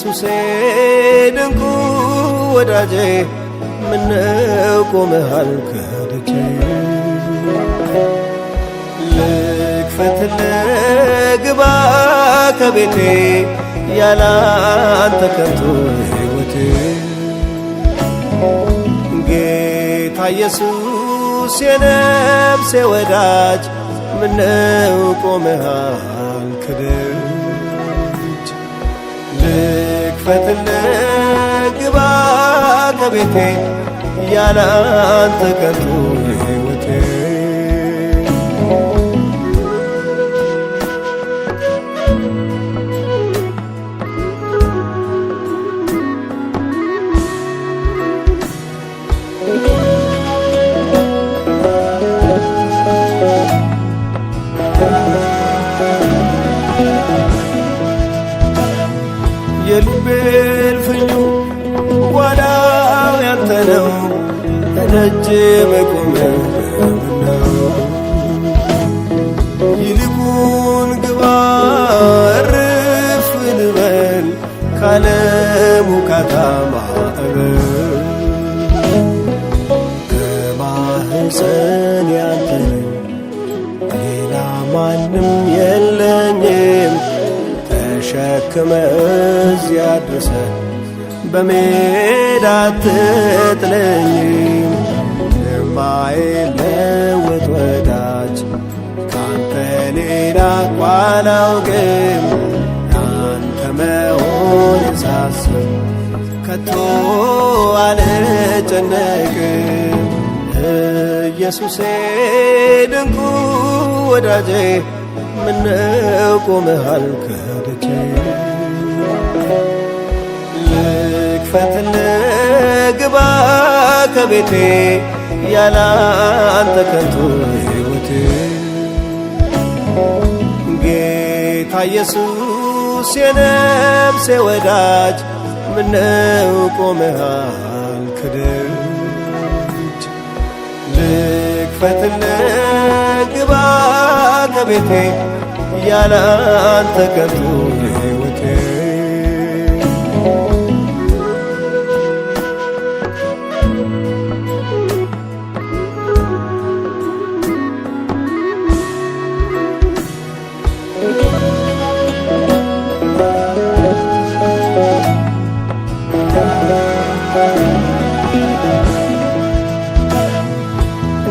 ኢየሱሴ ድንቁ ወዳጄ ምነው ቆመሃል ከደጄ ልክፈት ልግባ ከቤቴ ያለ አንተ ከንቱ ሕይወቴ ጌታ ኢየሱስ የነፍሴ ወዳጅ ምነው ቆመሃል ከደጅ ክፈትል ግባ ከቤቴ ያለ አንተ ከንቱ የልቤ እልፍኙ ያንተ ነው ከደጅ መቆሜ ይልቁን ግባ እርፍ ልበል ካለሙ ካታማ ያንተ ሌላ ማንም የ ተሸክመ እዚያ አድርሰ በሜዳ ትጥለኝ ልማዬ ወዳጅ ካንተ ሌላ ቋላውግም አንተ መሆን ሳስብ ከቶ አልጨነቅም ኢየሱሴ ድንቁ ወዳጄ ለምን ቆመሃል ከደጄ? ልክፈትል ግባ ከቤቴ ያለ አንተ ከንቱ ሕይወቴ ጌታ ኢየሱስ የነፍሴ ወዳጅ ምነው ቆመሃል ከደጅ ልክፈትል ግባ ከቤቴ ያለ አንተ ከቶ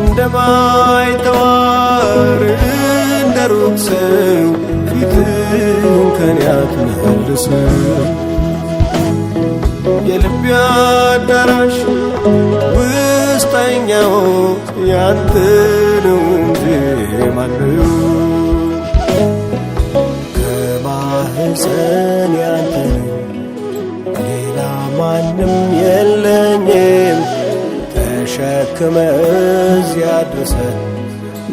እንደማይተዋር እንደ ሩቅ ምክንያት መልስ የልቤ አዳራሽ ውስጠኛው ያንተ ነው እንጂ ማነው ከማህፀን ያንተ ሌላ ማንም የለኝም ተሸክመ እዚያ ድረስ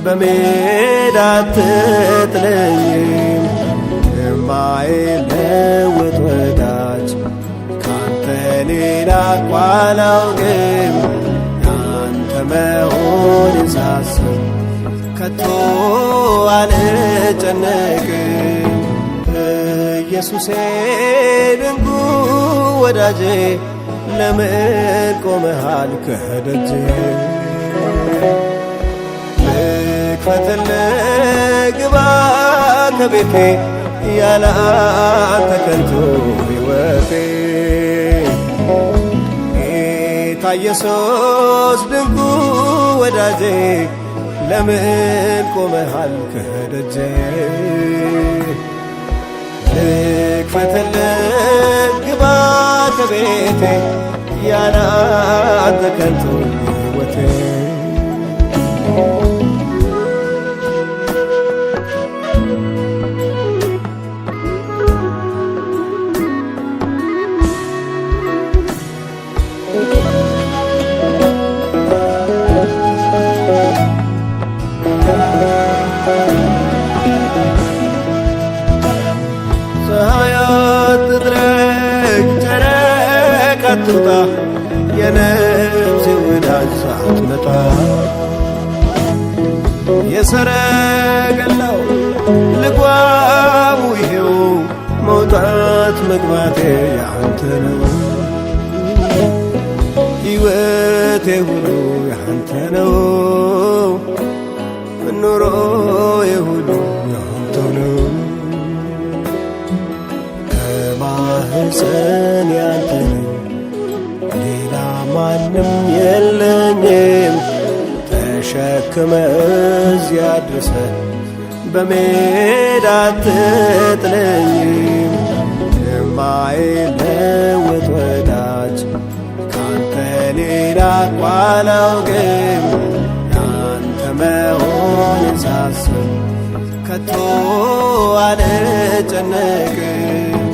በሜዳ ትጥለኝ የማይለወጥ ወዳጅ ካንተ ሌላ ቋላውግም አንተ መሆን ሳስብ ከቶ አልጨነቅም ኢየሱሴ ድንቁ ወዳጄ ለምን ቆመሃል ከደጄ ልክፈትልህ ግባ ከቤቴ يا لا تكنت بوفي تايسوس دنكو ودازي لمن قوم هل كهدجي لك فتلك بات بيتي يا لا تكنت بوفي አትምጣ የነፍሴ ወዳጅ አትመጣ የሰረገላው ልጓሙ ይሄው መውጣት መግባቴ ያንተ ነው ሕይወቴ ሁሉ ያንተ ነው ኑሮ የሁሉ ያንተ ነው ከማህፀን ያንተ ነው ማንም የለኝም ተሸክመ እዚያ ድረሰ በሜዳ ትጥለኝም የማይለወጥ ወዳጅ ካንተ ሌላ ቋላውግም ያንተ መሆን ሳስብ ከቶ አልጨነቅም